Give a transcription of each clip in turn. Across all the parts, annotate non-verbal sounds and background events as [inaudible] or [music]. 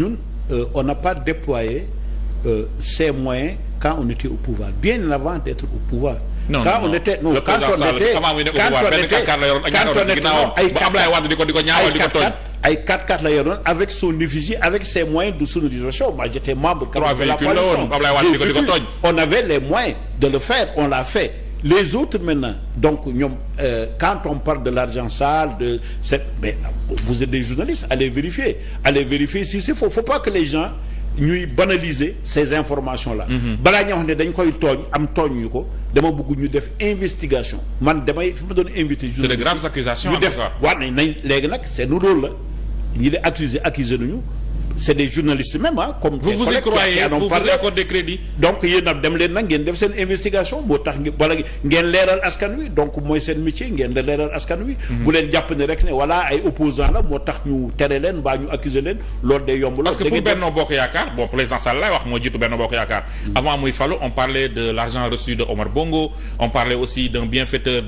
ñun euh, on n'a pas déployé euh, ces moyens quand on était au pouvoir bien avant d'être au pouvoir. quand on était quand on était quand on était quand on était ay quatre ay quatre quatre la yoroon avec son effigie avec ses quand on avait les moyens de le faire on l'a fait. les autres maintenant donc ñoom euh, quand on parle de l'argent sale de c'est mais vous êtes des journalistes allez vérifier allez vérifier si c'est faux faut pas que les gens ñuy banaliser ces informations là mhm. balaa ñoo xam ne dañ koy tooñ am tooñ ñu ko dama bëgg ñu def investigation man damay fi ma doon invité c'est de graves accusations ñu def waa nañ nañ léegi nag c'est nu loolu la ñi lay accuser accusé nañu c'est des journalistes même ah comme vous vous y croyez vous vous accordez crédit donc yéen a dem leen nag ngeen def seen investigation boo tax wala ngeen leeral askan wi donc mooy seen métier ngeen da leeral askan wi mhm. bu leen jàpp ne rek ne voilà ay opposant la moo tax ñu tere leen mbaa ñu accuser leen loolu day yomb parce que pour Benno Bokk Yaakaar bon président Sall lay wax moo jiitu Benno Bokk Yaakaar mhm. avant muy falu on parlait de l'argent reçu de Omar Bongo on parlait aussi d'un bienfaiteur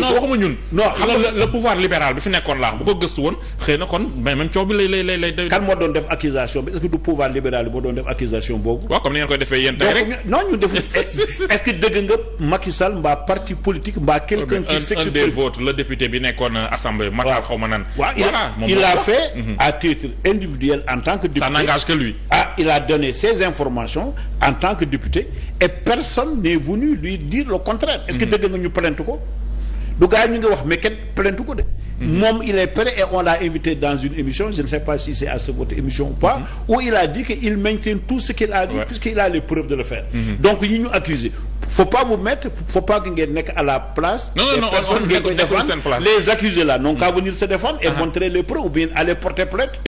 non waxuma ñun. non xam nga le pouvoir libéral bi fi nekkoon laa bu ko gëstu woon xëy na kon même coow bi lay lay lay lay. kan moo doon def accusation bi est-ce que du pouvoir libéral bi moo doon def accusation boobu. waaw comme ni ngeen koy defee yéen tey rek non ñu def [laughs] est-ce que nga Macky mbaa parti politique mbaa un des vôtres le député bi nekkoon euh, assemblée. Matar xaw ma nan. voilà il a fait mhm. à titre individuel en tant que député. ça n'engage que lui. ah il a donné ses informations en tant que député et mhm. ko. du gars ñu ngi wax mais kenn plainte ko de. Mhm. moom il est prêt et on l'a invité dans une émission je ne sais pas si c'est à ce votre émission ou pas. Mhm. où il a dit que il maintient tout ce qu'il a dit. puisqu'il a les preuves de le faire. Mhm. donc ñi ñu accusé faut pas vous mettre faut pas que ngeen nekk à la personnes ngeen koy les accusés là n'ont qu'à venir se défendre. et uh-huh. montrer les preuves ou bien aller porter plainte.